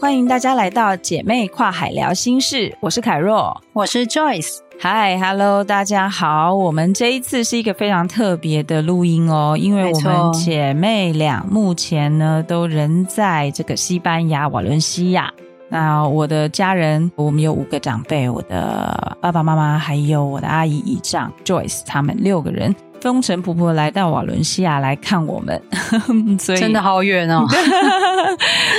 歡迎大家來到姐妹跨海聊心事。我是凱若，我是 Joyce。嗨，Hello，大家好。我們這一次是一個非常特別的錄音哦，因為我們姐妹倆目前呢都人在這個西班牙瓦倫西亞。那我的家人，我們有五個長輩，我的爸爸媽媽還有我的阿姨姨丈 Joyce，他們六個人風塵僕僕來到瓦倫西亞來看我們， 所以真的好遠哦。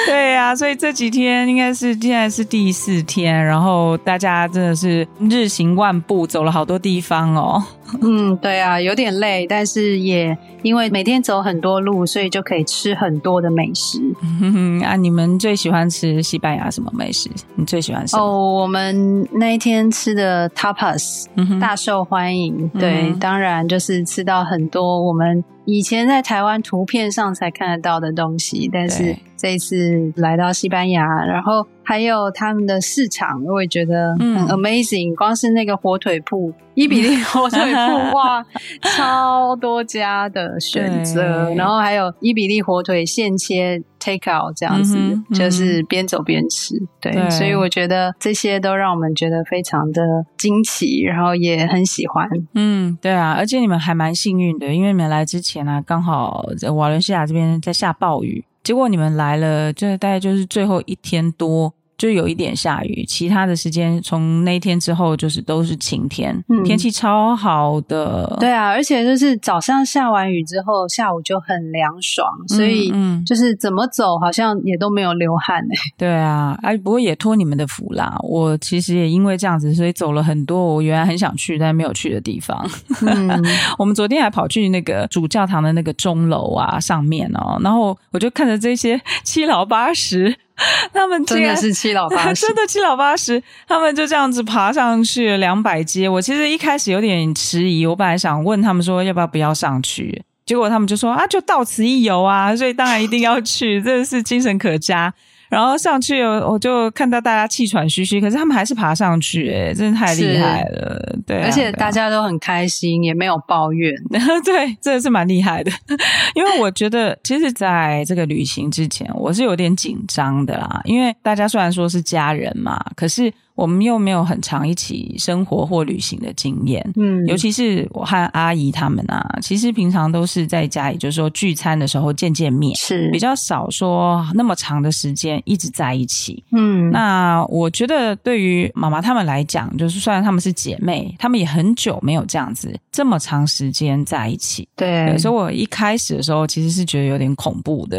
對呀、啊，所以這幾天應該是現在是第四天，然後大家真的是日行萬步，走了好多地方哦。嗯，對啊，有點累，但是也因為每天走很多路，所以就可以吃很多的美食。嗯哼、嗯嗯，啊，你們最喜歡吃西班牙什麼美食?你最喜歡什麼？哦，我們那一天吃的 Tapas、嗯、哼，大受歡迎。嗯、對、嗯，當然就是吃到很多我們以前在台灣圖片上才看得到的東西，但是。這次來到西班牙，然後還有他們的市場，我也覺得很 amazing、嗯。光是那個火腿鋪，伊比利火腿鋪， 哇，超多家的選擇。然後還有伊比利火腿現切 take out 這樣子，嗯嗯、就是邊走邊吃對。對，所以我覺得這些都讓我們覺得非常的驚奇，然後也很喜歡。嗯，對啊，而且你們還蠻幸運的，因為你們來之前呢、啊，剛好在瓦倫西亞這邊在下暴雨。結果你們來了，就是大概就是最後一天多。就有一點下雨，其他的時間從那一天之後就是都是晴天，嗯、天氣超好的。對啊，而且就是早上下完雨之後，下午就很涼爽，所以嗯，就是怎麼走好像也都沒有流汗哎、欸。對啊，哎、啊，不過也托你們的福啦，我其實也因為這樣子，所以走了很多我原來很想去但沒有去的地方、 嗯。我們昨天還跑去那個主教堂的那個鐘樓啊上面哦，然後我就看着這些七老八十。 他們居然真的是七老八十， 真的七老八十，他們就這樣子爬上去兩百階。我其實一開始有點遲疑，我本來想問他們說要不要不要上去，結果他們就說啊，就到此一遊啊，所以當然一定要去， 真的是精神可嘉。然後上去，我我就看到大家氣喘吁吁，可是他們還是爬上去。欸，哎，真的太厲害了，對，啊，而且大家都很開心，啊，也沒有抱怨， 對，真的是蠻厲害的。 因為我覺得，其實在這個旅行之前，我是有點緊張的啦，因為大家雖然說是家人嘛，可是，我們又沒有很長一起生活或旅行的經驗，嗯，尤其是我和阿姨他們啊，其實平常都是在家裡，也就是說聚餐的時候見見面，是比較少說那麼長的時間一直在一起，嗯，那我覺得對於媽媽他們來講，就是雖然他們是姐妹，她們也很久沒有這樣子。這麼長時間在一起，對，對所以，我一開始的時候其實是覺得有點恐怖的，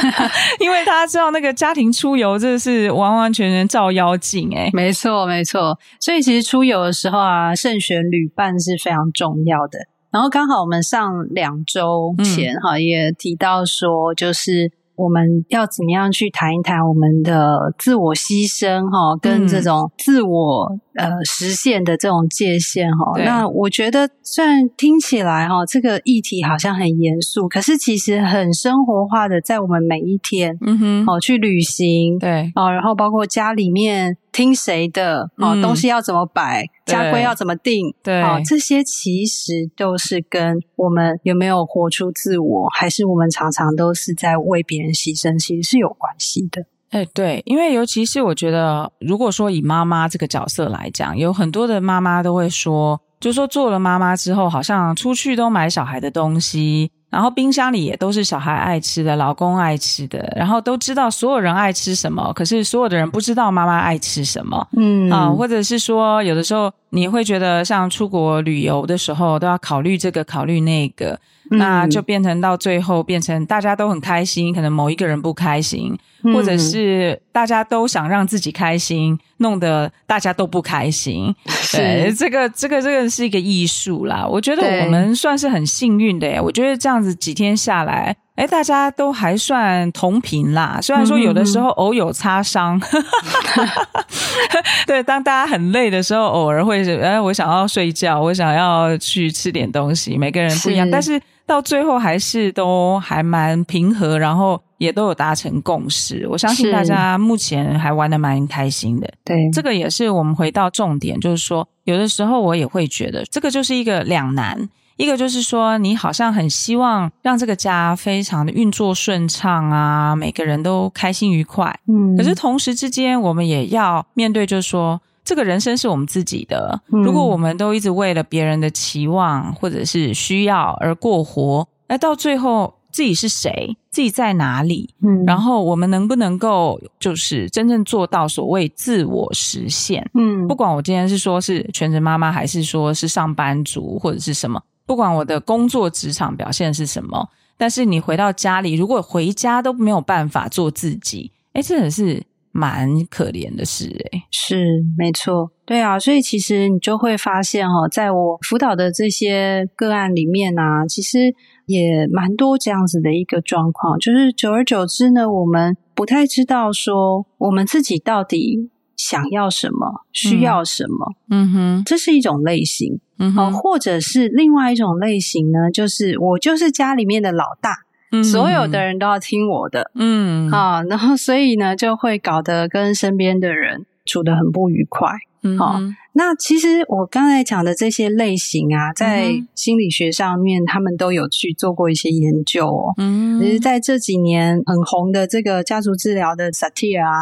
因為大家知道那個家庭出遊，這是完完全全照妖鏡，哎，沒錯，沒錯。所以，其實出遊的時候啊，慎選旅伴是非常重要的。然後，剛好我們上兩周前哈、嗯、也提到說，就是我們要怎麼樣去談一談我們的自我犧牲哈，跟這種自我。呃，實現的這種界限哦，那我覺得雖然聽起來哈，這個議題好像很嚴肅，可是其實很生活化的，在我們每一天，嗯哼，哦，去旅行，對啊，然後包括家裡面聽誰的，哦、嗯，東西要怎麼擺，家規要怎麼定，對啊，這些其實都是跟我們有沒有活出自我，還是我們常常都是在為別人犧牲，其實是有關係的。哎、欸，對，因為尤其是我覺得，如果說以媽媽這個角色來講，有很多的媽媽都會說，就說做了媽媽之後，好像出去都買小孩的東西，然後冰箱裡也都是小孩愛吃的、老公愛吃的，然後都知道所有人愛吃什麼，可是所有的人不知道媽媽愛吃什麼，嗯，啊，或者是說，有的時候你會覺得，像出國旅遊的時候，都要考慮這個，考慮那個。那就變成到最後變成大家都很開心，可能某一個人不開心，或者是大家都想讓自己開心，弄得大家都不開心。是，對，這個這個這個是一個藝術啦。我覺得我們算是很幸運的耶，我覺得這樣子幾天下來。哎，大家都還算同頻啦，雖然說有的時候偶有擦傷，嗯、 對，當大家很累的時候，偶爾會是誒我想要睡覺，我想要去吃點東西，每個人不一樣，但是到最後還是都還蠻平和，然後也都有達成共識。我相信大家目前還玩得蠻開心的，對，這個也是我們回到重點，就是說，有的時候我也會覺得這個就是一個兩難。一個就是說，你好像很希望讓這個家非常的運作順暢啊，每個人都開心愉快。嗯，可是同時之間，我們也要面對，就是說，這個人生是我們自己的。嗯。如果我們都一直為了別人的期望或者是需要而過活，那到最後自己是誰？自己在哪裡？嗯。然後我們能不能夠就是真正做到所謂自我實現？嗯，不管我今天是說是全職媽媽，還是說是上班族，或者是什麼。不管我的工作職場表現是什麼，但是你回到家裡，如果回家都沒有辦法做自己，欸，真的是蠻可憐的事，欸，哎，是，沒錯，對啊，所以其實你就會發現哦，在我輔導的這些個案裡面啊，其實也蠻多這樣子的一個狀況，就是久而久之呢，我們不太知道說我們自己到底，想要什麼，需要什麼，嗯，嗯哼，這是一種類型，嗯哼、啊，或者是另外一種類型呢？就是我就是家裡面的老大，嗯，所有的人都要聽我的，嗯啊，然後所以呢，就會搞得跟身邊的人處得很不愉快，啊，嗯哼。那其實我剛才講的這些類型啊，在心理學上面他們都有去做過一些研究哦。嗯，只是在這幾年很紅的這個家族治療的薩提爾啊，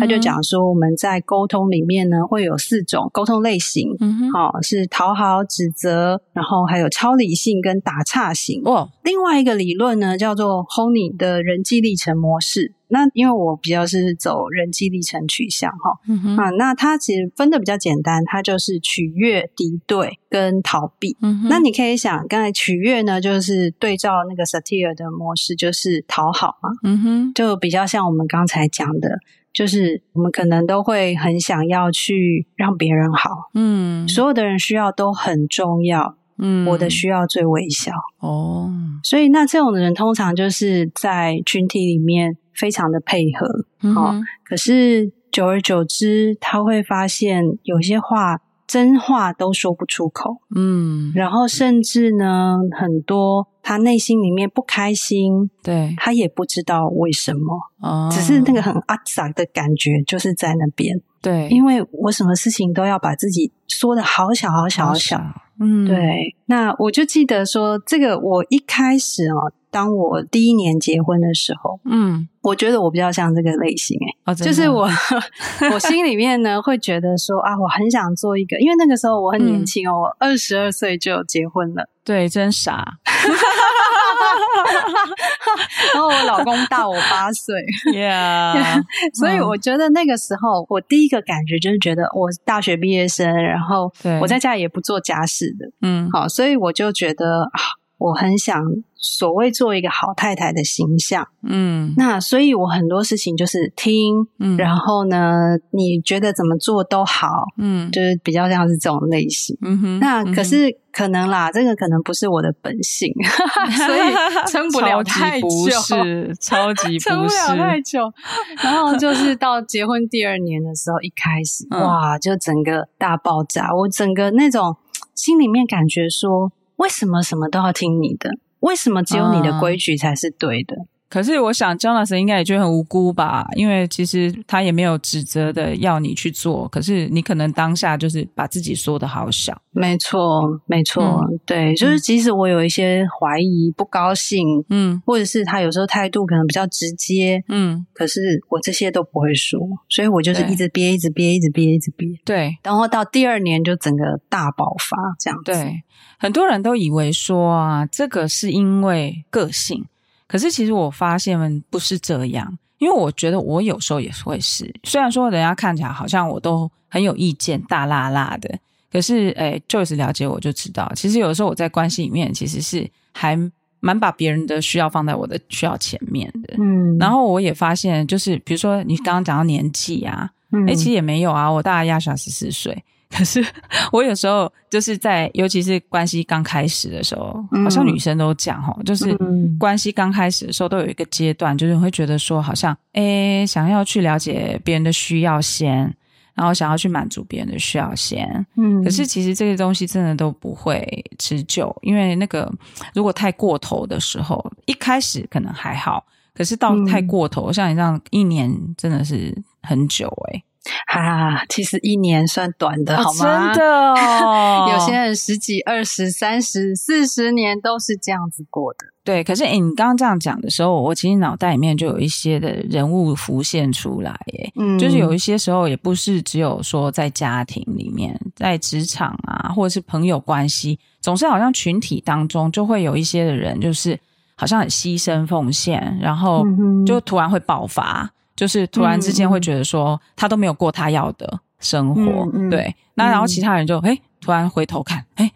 他、嗯、就講說我們在溝通裡面呢，會有四種溝通類型，好、嗯哦、是討好、指責，然後還有超理性跟打岔型。哦，另外一個理論呢叫做 Honey 的人際歷程模式。那因為我比較是走人際歷程取向哈、哦嗯，啊，那他其實分的比較簡單，他。那就是取悅敵對跟逃避、嗯，那你可以想，剛才取悅呢，就是對照那個 Satir 的模式，就是討好嘛、嗯。就比較像我們剛才講的，就是我們可能都會很想要去讓別人好、嗯。所有的人需要都很重要，嗯、我的需要最微小。哦，所以那這種的人通常就是在群體裡面非常的配合。嗯哦、可是。久而久之，他會發現有些話真話都說不出口，嗯，然後甚至呢，很多他內心裡面不開心，對，他也不知道為什麼，嗯，只是那個很阿雜的感覺，就是在那邊，對，因為我什麼事情都要把自己說得好小好小好小，好小，嗯，對，那我就記得說，這個我一開始哦。當我第一年結婚的時候，嗯，我覺得我比較像這個類型哎、欸哦，就是我，我心裡面呢 會覺得說啊，我很想做一個，因為那個時候我很年輕哦、嗯，我二十二歲就結婚了，對，真傻。 然後我老公大我八歲、Yeah. 所以我覺得那個時候我第一個感覺就是覺得我大學畢業生，然後我在家也不做家事的，嗯，好，所以我就覺得。我很想所謂做一個好太太的形象，嗯，那所以，我很多事情就是聽，嗯，然後呢，你覺得怎麼做都好，嗯，就是比較像是這種類型，嗯哼。那可是可能啦，嗯、這個可能不是我的本性， 所以撐不了太久，超級不是超級不是，撐不，不，不了太久。然後就是到結婚第二年的時候，一開始、嗯、哇，就整個大爆炸，我整個那種心裡面感覺說。為什麼什麼都要聽你的？為什麼只有你的規矩才是對的？Uh. 可是我想，Jonathan 應該也覺得很無辜吧，因為其實他也沒有指責的要你去做。可是你可能當下就是把自己說得好小。沒錯，沒錯、嗯，對，就是即使我有一些懷疑、不高興，嗯，或者是他有時候態度可能比較直接，嗯，可是我這些都不會說，嗯、所以我就是一直憋,一直憋，一直憋，一直憋，一直憋。對，然後到第二年就整個大爆發這樣子。對，很多人都以為說啊，這個是因為個性。可是其實我發現不是這樣，因為我覺得我有時候也會是，雖然說人家看起來好像我都很有意見、大辣辣的，可是誒 Joyce 了解我就知道，其實有的時候我在關係裡面其實是還蠻把別人的需要放在我的需要前面的。嗯、然後我也發現，就是比如說你剛剛講到年紀啊，嗯欸、其實也沒有啊，我大概壓小十四歲。可是，我有時候就是在，尤其是關係剛開始的時候，好像女生都講吼、嗯，就是關係剛開始的時候都有一個階段，就是會覺得說，好像哎，想要去了解別人的需要先，然後想要去滿足別人的需要先。嗯。可是其實這些東西真的都不會持久，因為那個如果太過頭的時候，一開始可能還好，可是到太過頭，嗯、像你這樣一年真的是很久哎、欸。啊，其實一年算短的，哦、好嗎？真的，哦， 有些人十幾、二十、三十、四十年都是這樣子過的。對，可是，欸、你剛剛這樣講的時候，我其實腦袋裡面就有一些的人物浮現出來，嗯，就是有一些時候也不是只有說在家庭裡面，在職場啊，或者是朋友關係，總是好像群體當中就會有一些的人，就是好像很犧牲奉獻，然後就突然會爆發。嗯就是突然之間會覺得說，他都沒有過他要的生活，嗯、對、嗯。那然後其他人就哎、欸，突然回頭看，哎、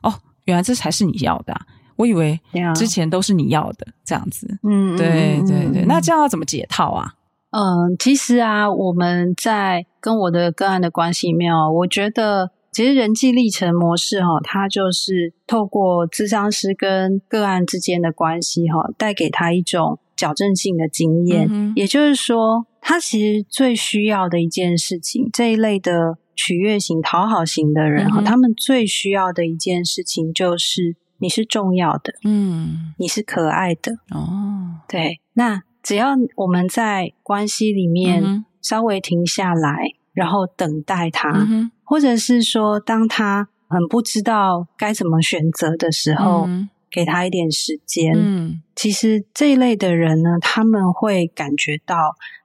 嗯欸，哦，原來這才是你要的、啊，我以為之前都是你要的、嗯、這樣子。嗯，對對對、嗯，那這樣要怎麼解套啊？嗯，其實啊，我們在跟我的個案的關係裡面啊，我覺得其實人際歷程模式哈，它就是透過諮商師跟個案之間的關係哈，帶給他一種。矯正性的經驗。嗯。也就是說，他其實最需要的一件事情，這一類的取悅型、討好型的人，嗯，他們最需要的一件事情就是你是重要的，嗯，你是可愛的哦。對，那只要我們在關係裡面稍微停下來，嗯，然後等待他，嗯，或者是說當他很不知道該怎麼選擇的時候。嗯給他一點時間。嗯，其實這一類的人呢，他們會感覺到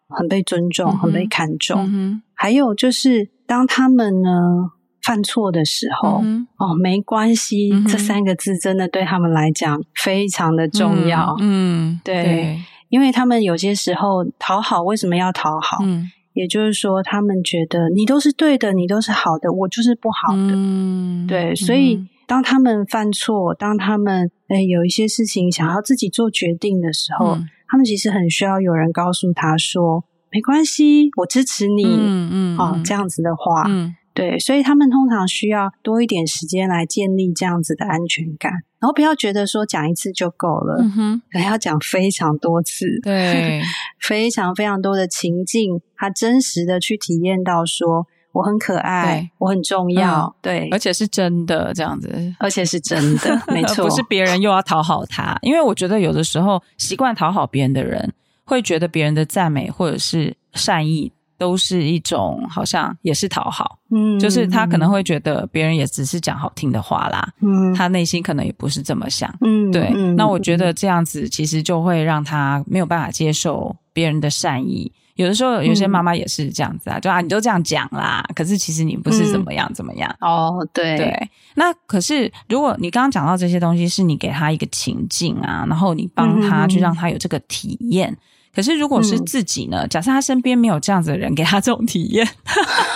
很被尊重，嗯、很被看重、嗯。還有就是，當他們呢犯錯的時候，嗯、哦，沒關係、嗯，這三個字真的對他們來講非常的重要。嗯，嗯對，對，因為他們有些時候討好，為什麼要討好、嗯？也就是說，他們覺得你都是對的，你都是好的，我就是不好的。嗯，對，所以。嗯當他們犯錯，當他們誒、欸、有一些事情想要自己做決定的時候、嗯，他們其實很需要有人告訴他說：“沒關係，我支持你。嗯”嗯嗯、哦，這樣子的話、嗯，對，所以他們通常需要多一點時間來建立這樣子的安全感，然後不要覺得說講一次就夠了，嗯、還要講非常多次，對， 非常非常多的情境，他真實的去體驗到說。我很可愛，對我很重要、嗯，對，而且是真的這樣子，而且是真的，沒錯， 不是別人又要討好他。因為我覺得有的時候習慣討好別人的人，會覺得別人的讚美或者是善意都是一種好像也是討好，嗯，就是他可能會覺得別人也只是講好聽的話啦，嗯，他內心可能也不是這麼想，嗯，對，嗯、那我覺得這樣子其實就會讓他沒有辦法接受別人的善意。有的時候，有些媽媽也是這樣子啊、嗯，就啊，你都這樣講啦。可是其實你不是怎麼樣怎麼樣、嗯、哦，對對。那可是，如果你剛剛講到這些東西，是你給他一個情境啊，然後你幫他去讓他有這個體驗、嗯。可是如果是自己呢？嗯、假設他身邊沒有這樣子的人給他這種體驗、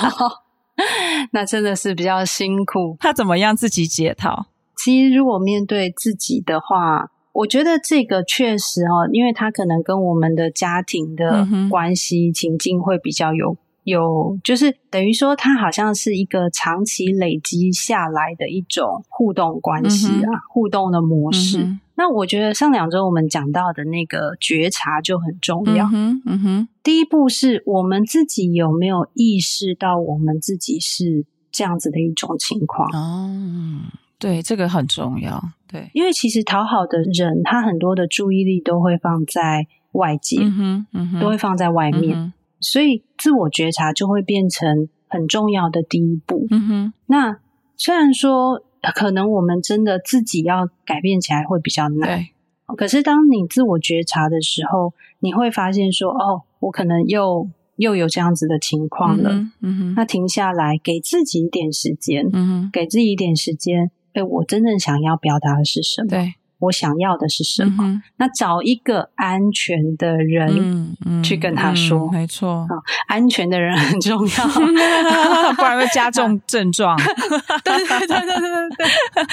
哦，那真的是比較辛苦。他怎麼樣自己解套？其實如果面對自己的話。我覺得這個確實哦，因為他可能跟我們的家庭的關係情境會比較有、嗯、有，就是等於說，它好像是一個長期累積下來的一種互動關係啊，嗯、互動的模式、嗯。那我覺得上兩周我們講到的那個覺察就很重要、嗯嗯。第一步是我們自己有沒有意識到我們自己是這樣子的一種情況、嗯對，這個很重要。對，因為其實討好的人，他很多的注意力都會放在外界，嗯，嗯，都會放在外面，嗯，所以自我覺察就會變成很重要的第一步。嗯，那雖然說可能我們真的自己要改變起來會比較難，對，可是當你自我覺察的時候，你會發現說，哦，我可能又又有這樣子的情況了。嗯，嗯，那停下來，給自己一點時間，嗯，給自己一點時間。誒，我真正想要表達的是什麼？對。我想要的是什麼、嗯？那找一個安全的人、嗯嗯、去跟他說，嗯、沒錯，安全的人很重要， 不然會加重症狀。對 對 對對對對，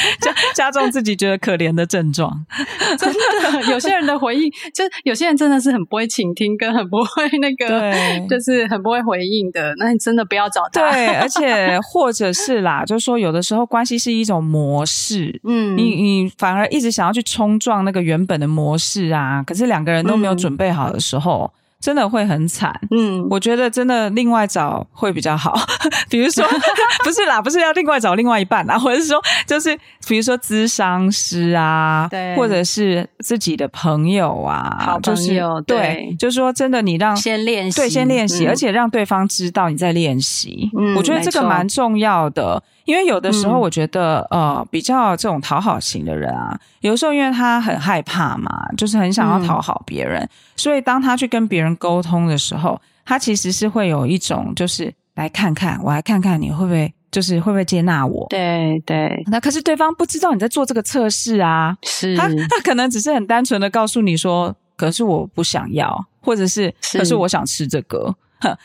加加重自己覺得可憐的症狀。 真的，有些人的回應，就是有些人真的是很不會傾聽，跟很不會那個，就是很不會回應的。那你真的不要找他。 對，而且或者是啦，就是說，有的時候關係是一種模式。嗯，你你反而一直想要去。去衝撞那個原本的模式啊，可是兩個人都沒有準備好的時候，嗯、真的會很慘。嗯，我覺得真的另外找會比較好。 比如說， 不是啦，不是要另外找另外一半啦，或者是說，就是比如說諮商師啊，對，或者是自己的朋友啊，朋友、就是對，對，就是說真的，你讓先練習，對，先練習、嗯，而且讓對方知道你在練習。嗯，我覺得這個蠻重要的。因為有的時候，我覺得、嗯、呃，比較這種討好型的人啊，有時候因為他很害怕嘛，就是很想要討好別人、嗯，所以當他去跟別人溝通的時候，他其實是會有一種就是來看看我來看看你會不會就是會不會接納我。對對，那可是對方不知道你在做這個測試啊，是他他可能只是很單純的告訴你說，可是我不想要，或者是，是可是我想吃這個、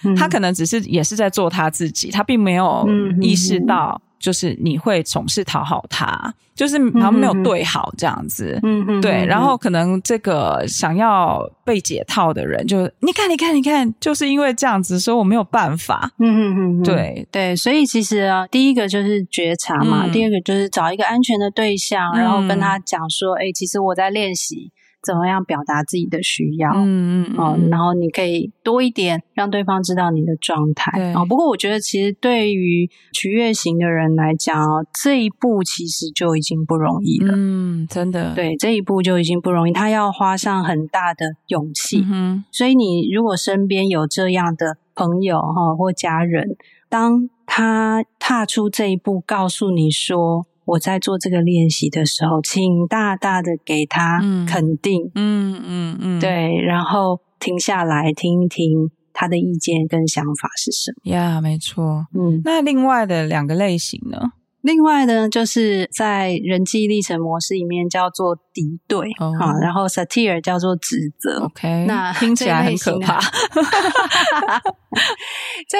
嗯，他可能只是也是在做他自己，他並沒有意識到。就是你會總是討好他，就是然後沒有對好這樣子，嗯嗯，對，然後可能這個想要被解套的人就，就、嗯、你看，你看，你看，就是因為這樣子，所以我沒有辦法，嗯嗯嗯，對對，所以其實啊，第一個就是覺察嘛、嗯，第二個就是找一個安全的對象，然後跟他講說，哎、嗯欸，其實我在練習。怎麼樣表達自己的需要？嗯嗯，然後你可以多一點讓對方知道你的狀態。不過我覺得，其實對於取悅型的人來講，這一步其實就已經不容易了。嗯，真的。對，這一步就已經不容易，他要花上很大的勇氣。嗯。所以，你如果身邊有這樣的朋友哈或家人，當他踏出這一步，告訴你說。我在做這個練習的時候，請大大的給他肯定，嗯嗯嗯，嗯，對，然後停下來聽一聽他的意見跟想法是什麼。呀，yeah，沒錯，嗯，那另外的兩個類型呢？另外呢，就是在人際歷程模式裡面叫做敵對、oh. 啊，然後 Satir 叫做指責。OK，那聽起來很可怕。這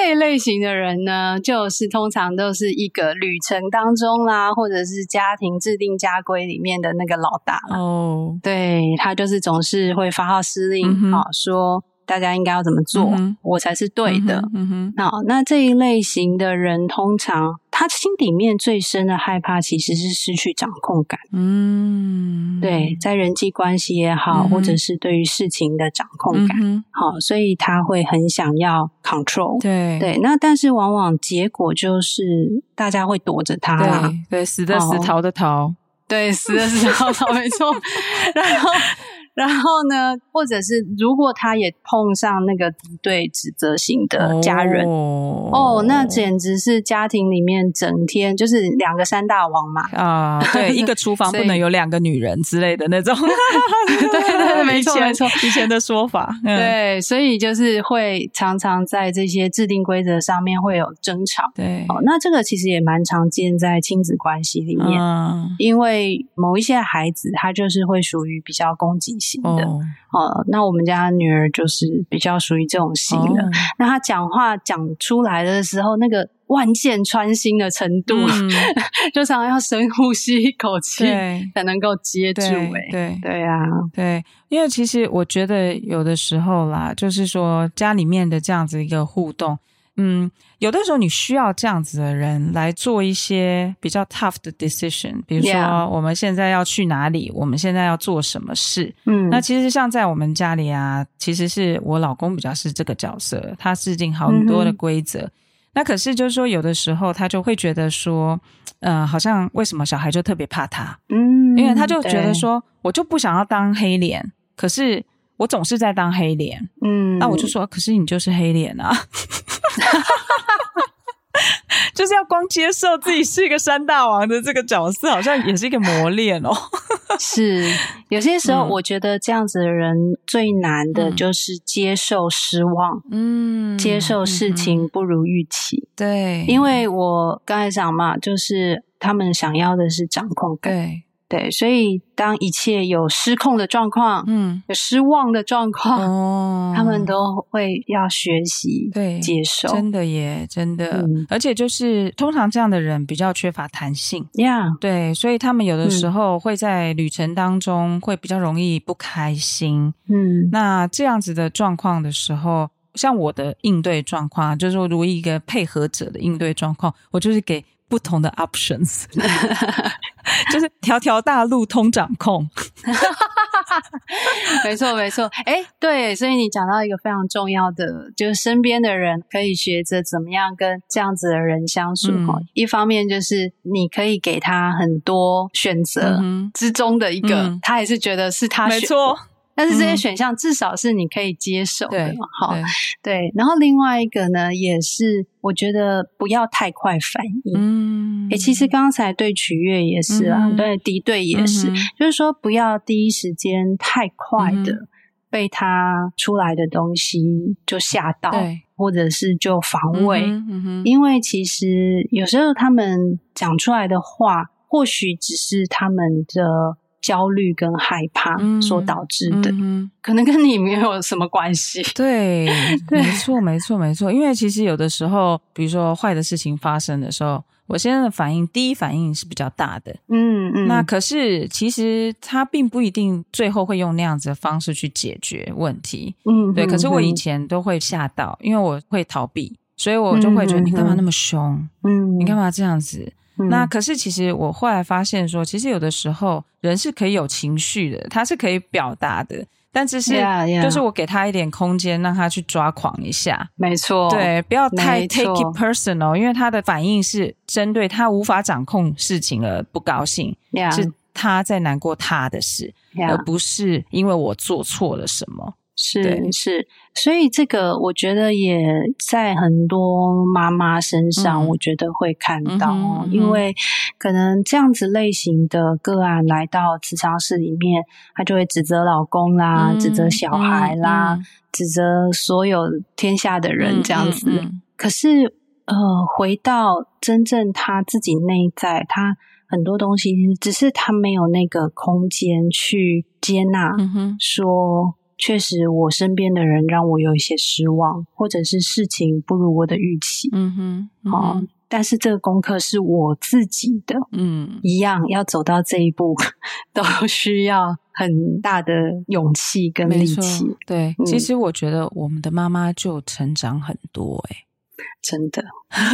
一， 這一類型的人呢，就是通常都是一個旅程當中啦，或者是家庭制定家規裡面的那個老大哦，oh. 對，他就是總是會發號施令、mm -hmm. 啊，說大家應該要怎麼做，mm -hmm. 我才是對的。嗯、mm、哼 -hmm. 啊，那這一類型的人通常。他心裡面最深的害怕，其實是失去掌控感。嗯，對，在人際關係也好、嗯，或者是對於事情的掌控感、嗯，好，所以他會很想要 control 對。對對，那但是往往結果就是大家會躲着他、啊，對對，死的死，逃的逃，對，死的死，逃的逃，死的死逃逃 沒錯，然後。然後呢，或者是如果他也碰上那個敵對指責型的家人哦，哦，那簡直是家庭裡面整天就是兩個三大王嘛啊，對， 一個廚房不能有兩個女人之類的那種， 對，對對，沒錯沒錯，以前的說法、嗯，對，所以就是會常常在這些制定規則上面會有爭吵，對，哦，那這個其實也蠻常見在親子關係裡面，嗯、因為某一些孩子他就是會屬於比較攻擊性。哦，那我們家女兒就是比較屬於這種型的，哦。那她講話講出來的時候，那個萬箭穿心的程度，嗯、 就常常要深呼吸一口氣才能夠接住，欸。哎，對對，對啊，對，因為其實我覺得有的時候啦，就是說家裡面的這樣子一個互動。嗯，有的時候你需要這樣子的人來做一些比較 tough 的 decision，比如說我們現在要去哪裡，我們現在要做什麼事。嗯，那其實像在我們家裡啊，其實是我老公比較是這個角色，他制定好很多的規則，嗯。那可是就是說，有的時候他就會覺得說，呃，好像為什麼小孩就特別怕他？嗯，因為他就覺得說我就不想要當黑臉，可是我總是在當黑臉。嗯，那我就說，可是你就是黑臉啊。哈哈哈哈哈！就是要光接受自己是一個山大王的這個角色，好像也是一個磨練哦。 是有些時候，我覺得這樣子的人最難的就是接受失望，嗯，接受事情不如預期。嗯嗯、對，因為我剛才講嘛，就是他們想要的是掌控感。對。對，所以當一切有失控的狀況，嗯，有失望的狀況，哦，他們都會要學習，對，接受，真的耶，真的。嗯、而且就是通常這樣的人比較缺乏彈性，呀、yeah.，對，所以他們有的時候會在旅程當中會比較容易不開心，嗯，那這樣子的狀況的時候，像我的應對狀況，就是說如一個配合者的應對狀況，我就是給。不同的 options， 就是條條大路通掌控。 沒錯，沒錯。誒、欸，對，所以你講到一個非常重要的，就是身邊的人可以學着怎麼樣跟這樣子的人相處、嗯。一方面就是你可以給他很多選擇之中的一個，嗯、他還是覺得是他選的。沒錯。但是這些選項至少是你可以接受的嘛、嗯？哈，對。然後另外一個呢，也是我覺得不要太快反應。誒、嗯欸，其實剛才對取悅也是啊，嗯、對敵對也是、嗯，就是說不要第一時間太快的被他出來的東西就嚇到、嗯，或者是就防衛、嗯嗯，因為其實有時候他們講出來的話，或許只是他們的。焦慮跟害怕所導致的，嗯嗯嗯、可能跟你沒有什麼關係。對， 對，沒錯，沒錯，沒錯。因為其實有的時候，比如說壞的事情發生的時候，我現在的反應，第一反應是比較大的。嗯嗯。那可是，其實他並不一定最後會用那樣子的方式去解決問題。嗯。對，嗯、可是我以前都會嚇到、嗯，因為我會逃避，所以我就會覺得、嗯、你幹嘛那麼兇？嗯，你幹嘛這樣子？ 那可是，其實我後來發現說，說其實有的時候人是可以有情緒的，他是可以表達的，但這些，就是我給他一點空間，讓他去抓狂一下，yeah, yeah. 沒錯，對，不要太 take it personal，因為他的反應是針對他無法掌控事情，而不高興，yeah. 是他在難過他的事，yeah. 而不是因為我做錯了什麼。是是，所以這個我覺得也在很多媽媽身上，我覺得會看到，嗯，因為可能這樣子類型的個案來到諮商室裡面，她就會指責老公啦，嗯、指責小孩啦、嗯嗯，指責所有天下的人這樣子。嗯嗯嗯、可是呃，回到真正他自己內在，他很多東西只是他沒有那個空間去接納，說。嗯嗯確實，我身邊的人讓我有一些失望，或者是事情不如我的預期。嗯哼，好、嗯哦，但是這個功課是我自己的。嗯，一樣要走到這一步，都需要很大的勇氣跟力氣、嗯。對，其實我覺得我們的媽媽就成長很多、欸，誒真的，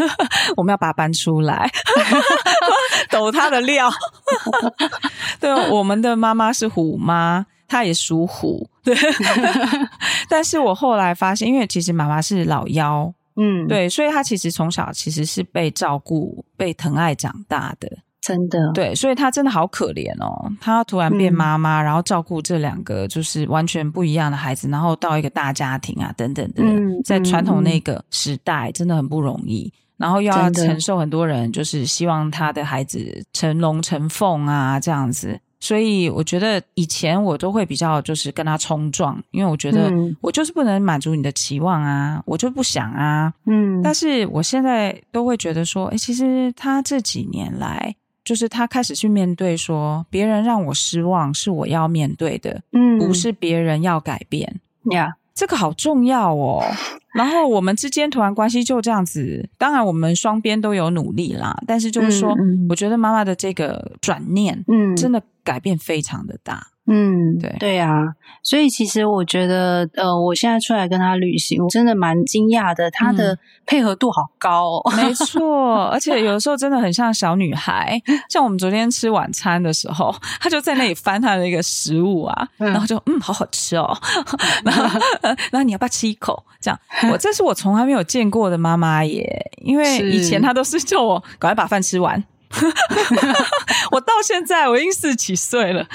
我們要把他搬出來， 抖他的料。 對，我們的媽媽是虎媽。他也屬虎，對。 但是我後來發現，因為其實媽媽是老幺，嗯，對，所以他其實從小其實是被照顧、被疼愛長大的，真的。對，所以他真的好可憐哦，他突然變媽媽，嗯，然後照顧這兩個就是完全不一樣的孩子，然後到一個大家庭啊，等等的，嗯，在傳統那個時代，嗯，真的很不容易，然後又要承受很多人就是希望他的孩子成龍成鳳啊這樣子。所以我覺得以前我都會比較就是跟他衝撞，因為我覺得我就是不能滿足你的期望啊，我就不想啊。嗯，但是我現在都會覺得說，欸，其實他這幾年來，就是他開始去面對說，別人讓我失望是我要面對的，嗯，不是別人要改變。嗯，yeah. 這個好重要哦，然後我們之間突然關係就這樣子，當然我們雙邊都有努力啦，但是就是說，嗯，我覺得媽媽的這個轉念，嗯，真的改變非常的大。嗯，對對啊，所以其實我覺得，呃，我現在出來跟他旅行，我真的蠻驚訝的，他的配合度好高。哦，沒錯，而且有時候真的很像小女孩， 像我們昨天吃晚餐的時候，他就在那裡翻他的一個食物啊，嗯、然後就嗯，好好吃哦、嗯然後，然後你要不要吃一口？這樣，嗯、我這是我從來沒有見過的媽媽耶，因為以前他都是叫我趕快把飯吃完。 我到現在我已經四十幾歲了，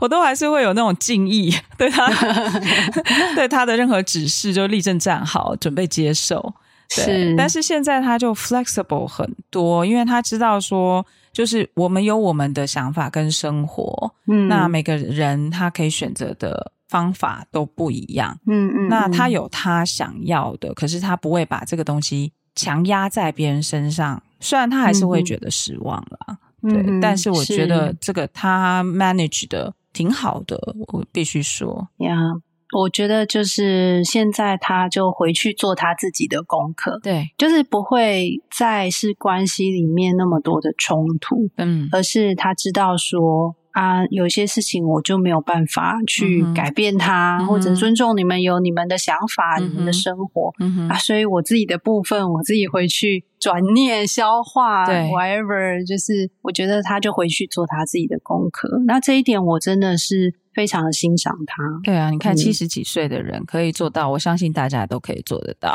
我都還是會有那種敬意，對他， 對他的任何指示就立正站好，準備接受。是，但是現在他就 flexible 很多，因為他知道說，就是我們有我們的想法跟生活，嗯，那每個人他可以選擇的方法都不一樣，嗯嗯，嗯，那他有他想要的，可是他不會把這個東西強壓在別人身上。雖然他還是會覺得失望啦，嗯嗯，對，但是我覺得這個他 manage 的挺好的，我必須說呀。Yeah, 我覺得就是現在他就回去做他自己的功課，對，就是不會再是關係裡面那麼多的衝突，嗯，而是他知道說。啊，有些事情我就沒有辦法去改變它、嗯，或者尊重你們有你們的想法、嗯、你們的生活、嗯哼、啊。所以我自己的部分，我自己回去轉念、嗯、消化、對，whatever，對就是我覺得他就回去做他自己的功課。那這一點，我真的是非常的欣賞他。對啊，你看七十幾歲的人、嗯、可以做到，我相信大家都可以做得到。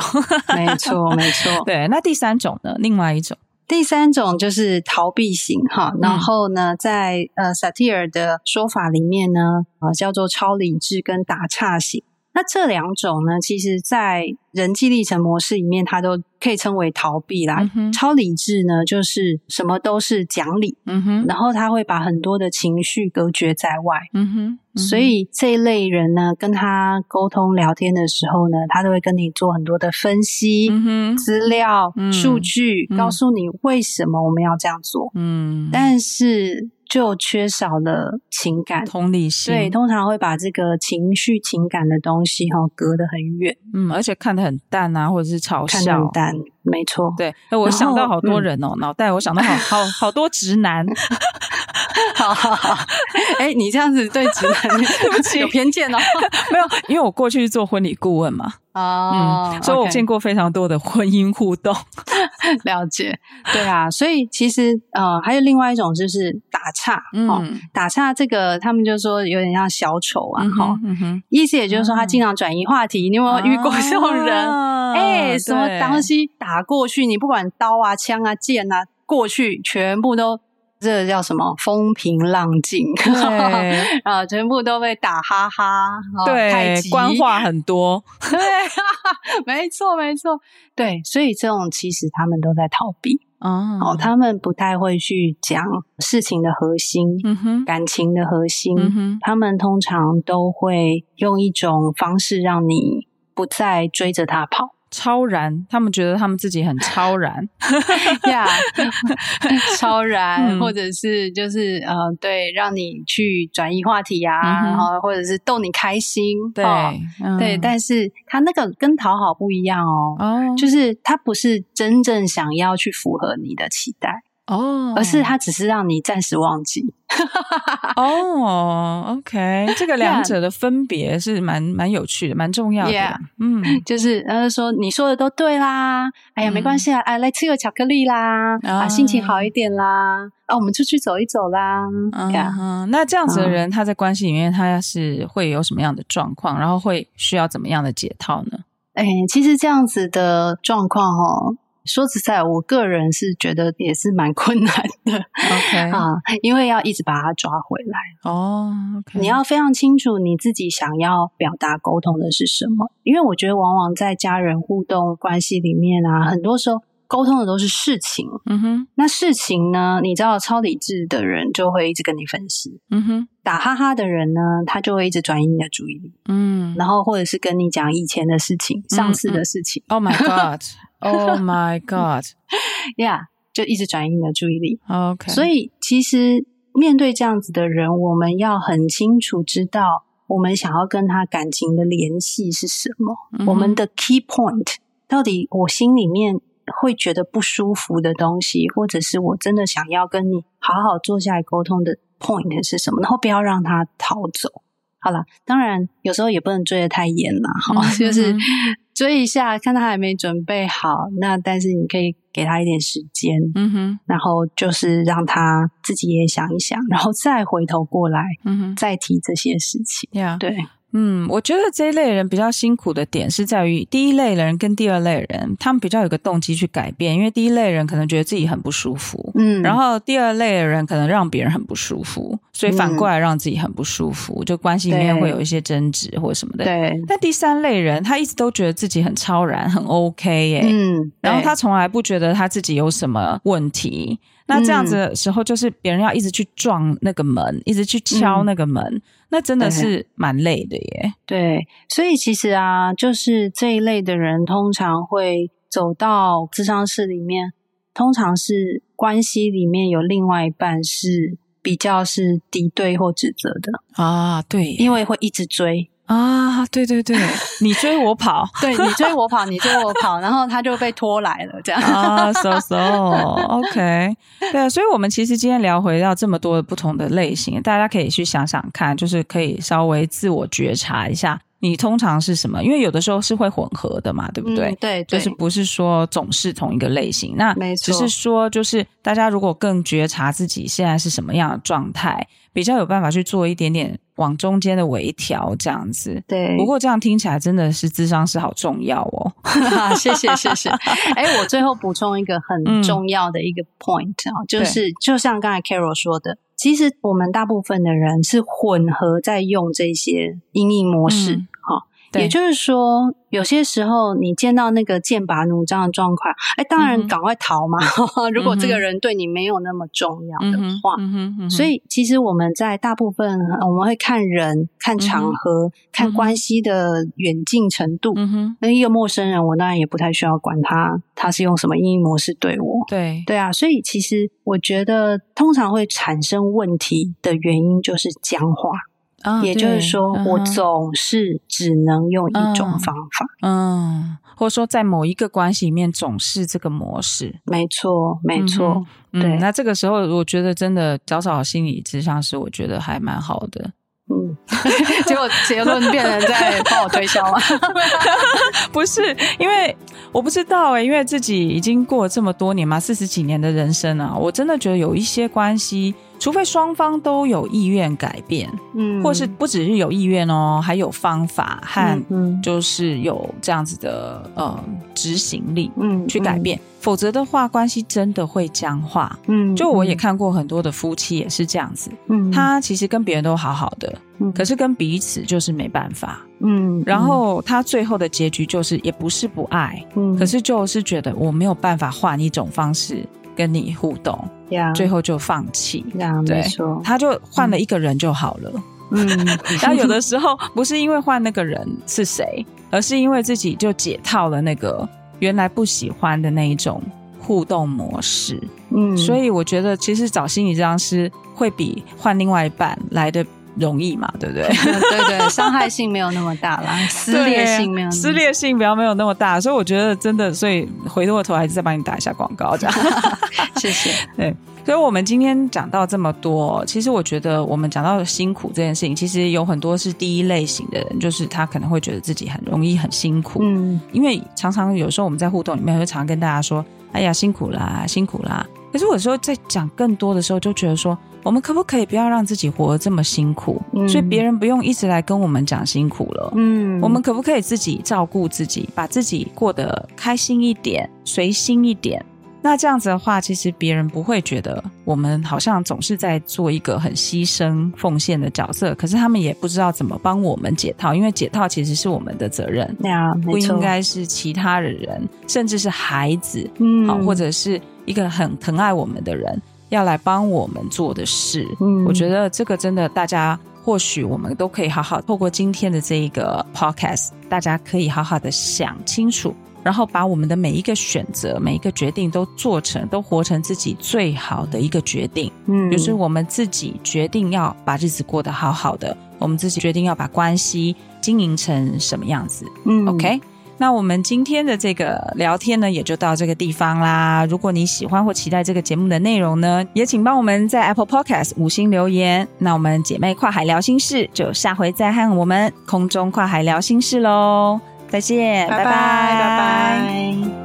沒錯，沒錯。對，那第三種呢？另外一種。第三種就是逃避型，哈、嗯，然後呢，在呃薩提爾的說法裡面呢，啊、呃，叫做超理智跟打岔型。那這兩種呢，其實在人際歷程模式裡面，它都可以稱為逃避啦、嗯。超理智呢，就是什麼都是講理、嗯，然後他會把很多的情緒隔絕在外、嗯。所以這一類人呢，跟他溝通聊天的時候呢，他都會跟你做很多的分析、嗯、資料、嗯、數據、嗯，告訴你為什麼我們要這樣做。嗯、但是。就缺少了情感、同理心，對，通常會把這個情緒、情感的東西哈、哦、隔得很遠，嗯，而且看得很淡啊，或者是嘲笑。看得很淡，沒錯，對。我想到好多人哦，腦袋，我想到好、嗯、好好，好多直男， 好好好，哎、欸，你這樣子對直男 對不起有偏見哦， 沒有，因為我過去是做婚禮顧問嘛，哦、嗯 okay，所以我見過非常多的婚姻互動。了解，對啊，所以其實呃，還有另外一種就是打岔，嗯，打岔這個他們就說有點像小丑啊，哈、嗯嗯，意思也就是說他經常轉移話題，嗯、你有沒有遇過這種人？哎、啊欸，什麼東西打過去，你不管刀啊、槍啊、劍啊，過去全部都。這個、叫什麼？風平浪靜，啊，全部都被打哈哈。對，太極，官話很多。對哈哈，沒錯，沒錯。對，所以這種其實他們都在逃避、嗯、哦，他們不太會去講事情的核心，嗯、感情的核心、嗯，他們通常都會用一種方式讓你不再追着他跑。超然，他們覺得他們自己很超然，呀、 yeah,，超然、 嗯，或者是就是呃，對，讓你去轉移話題啊，嗯、然後或者是逗你開心，對，哦嗯、對，但是他那個跟討好不一樣哦，哦，就是他不是真正想要去符合你的期待。哦，而是他只是讓你暫時忘記。哦、 oh,，OK，這個兩者的分別是蠻蠻、yeah. 有趣的，蠻重要的。Yeah. 嗯，就是，他說你說的都對啦，哎呀，沒關係啊，哎、嗯，啊、來吃個巧克力啦，uh. 啊，心情好一點啦，啊，我們出去走一走啦。嗯、uh -huh.，yeah. 那這樣子的人，他在關係裡面他是會有什麼樣的狀況？Uh -huh. 然後會需要怎麼樣的解套呢？哎、欸，其實這樣子的狀況，哦。說實在，我個人是覺得也是蠻困難的，OK 啊、嗯，因為要一直把他抓回來、oh, okay. 你要非常清楚你自己想要表達溝通的是什麼，因為我覺得往往在家人互動關係裡面啊，很多時候溝通的都是事情。嗯、mm -hmm. 那事情呢，你知道超理智的人就會一直跟你分析。嗯、mm -hmm. 打哈哈的人呢，他就會一直轉移你的注意力。嗯、mm -hmm.，然後或者是跟你講以前的事情、mm -hmm. 上次的事情。Oh my God！ Oh my god! Yeah，就一直轉移你的注意力。Oh, OK，所以其實面對這樣子的人，我們要很清楚知道我們想要跟他感情的聯繫是什麼。Mm -hmm. 我們的 key point 到底，我心裡面會覺得不舒服的東西，或者是我真的想要跟你好好坐下來溝通的 point 是什麼？然後不要讓他逃走。好了，當然有時候也不能追得太嚴嘛。嗯、好，就是。 追一下，看他還沒準備好。那但是你可以給他一點時間，嗯哼，然後就是讓他自己也想一想，然後再回頭過來，嗯哼，再提這些事情，yeah. 對。嗯，我覺得這一類人比較辛苦的點是在於，第一類人跟第二類人，他們比較有個動機去改變，因為第一類人可能覺得自己很不舒服，嗯，然後第二類的人可能讓別人很不舒服，所以反過來讓自己很不舒服，嗯，就關係裡面會有一些爭執或什麼的。對，但第三類人他一直都覺得自己很超然，很 OK 耶，嗯，然後他從來不覺得他自己有什麼問題。那這樣子的時候，就是別人要一直去撞那個門，嗯、一直去敲那個門，嗯、那真的是蠻累的耶。對，所以其實啊，就是這一類的人，通常會走到諮商室裡面，通常是關係裡面有另外一半是比較是敵對或指責的啊，對，因為會一直追。啊，對對對，你追我跑， 對，你追我跑，你追我跑，然後他就被拖來了，這樣啊，so so，OK，okay，對啊，所以我們其實今天聊回到這麼多的不同的類型，大家可以去想想看，就是可以稍微自我覺察一下，你通常是什麼？因為有的時候是會混合的嘛，對不對？嗯、對，對，就是不是說總是同一個類型，那只是說就是大家如果更覺察自己現在是什麼樣的狀態。比較有辦法去做一點點往中間的微調，這樣子。對。不過這樣聽起來真的是智商是好重要哦！ 哈、 啊，謝謝謝謝。誒、欸、我最後補充一個很重要的一個 point 啊、嗯，就是就像剛才 Carol 說的，其實我們大部分的人是混合在用這些應對模式。嗯對，也就是說，有些時候你見到那個劍拔弩張的狀況，哎、欸，當然趕快逃嘛、嗯。如果這個人對你沒有那麼重要的話，嗯嗯嗯、所以其實我們在大部分我們會看人、看場合、嗯嗯、看關係的遠近程度。那、嗯嗯、一個陌生人，我當然也不太需要管他，他是用什麼因應模式對我？對對啊，所以其實我覺得，通常會產生問題的原因就是僵化。也就是說、啊嗯，我總是只能用一種方法，嗯，嗯或者說在某一個關係裡面總是這個模式，沒錯，沒錯、嗯，對、嗯，那這個時候，我覺得真的找找心理諮商是我覺得還蠻好的，嗯。 結果結論變成在幫我推銷嗎？ 不是，因為我不知道哎、欸，因為自己已經過了這麼多年嘛，四十幾年的人生啊，我真的覺得有一些關係。除非雙方都有意願改變，嗯，或是不只是有意願哦，還有方法和，就是有這樣子的呃執行力，嗯，去改變，嗯嗯、否則的話，關係真的會僵化嗯，嗯。就我也看過很多的夫妻也是這樣子，嗯，嗯他其實跟別人都好好的，嗯，可是跟彼此就是沒辦法嗯，嗯。然後他最後的結局就是也不是不愛，嗯，可是就是覺得我沒有辦法換一種方式。跟你互動，yeah. 最後就放棄，yeah, 對，沒錯，他就換了一個人就好了。嗯， 然後有的時候不是因為換那個人是誰，而是因為自己就解套了那個原來不喜歡的那一種互動模式。嗯，所以我覺得其實找心理治療師會比換另外一半來的。容易嘛，對不對？ 對對，傷害性沒有那麼大啦， 撕裂性沒有那麼大，撕裂性不要沒有那麼大， 所以我覺得真的，所以回過頭，頭還是再幫你打一下廣告，這樣 謝謝。對，所以我們今天講到這麼多，其實我覺得我們講到辛苦這件事情，其實有很多是第一類型的人，就是他可能會覺得自己很容易很辛苦，嗯，因為常常有時候我們在互動裡面會常，常跟大家說，哎呀，辛苦啦，辛苦啦。可是我有時候在講更多的時候，就覺得說，我們可不可以不要讓自己活得這麼辛苦？嗯、所以別人不用一直來跟我們講辛苦了。嗯，我們可不可以自己照顧自己，把自己過得開心一點、隨心一點？那這樣子的話，其實別人不會覺得我們好像總是在做一個很犧牲奉獻的角色。可是他們也不知道怎麼幫我們解套，因為解套其實是我們的責任。對啊，不應該是其他的人，甚至是孩子，啊、嗯，或者是。一個很疼愛我們的人要來幫我們做的事，嗯，我覺得這個真的，大家或許我們都可以好好透過今天的這個 podcast，大家可以好好的想清楚，然後把我們的每一個選擇、每一個決定都做成，都活成自己最好的一個決定。嗯，就是我們自己決定要把日子過得好好的，我們自己決定要把關係經營成什麼樣子。嗯，OK。那我們今天的這個聊天呢，也就到這個地方啦。如果你喜歡或期待這個節目的內容呢，也請幫我們在 Apple Podcast 五星留言。那我們姐妹跨海聊心事，就下回再和我們空中跨海聊心事嘍。再見，拜拜，拜拜。拜拜。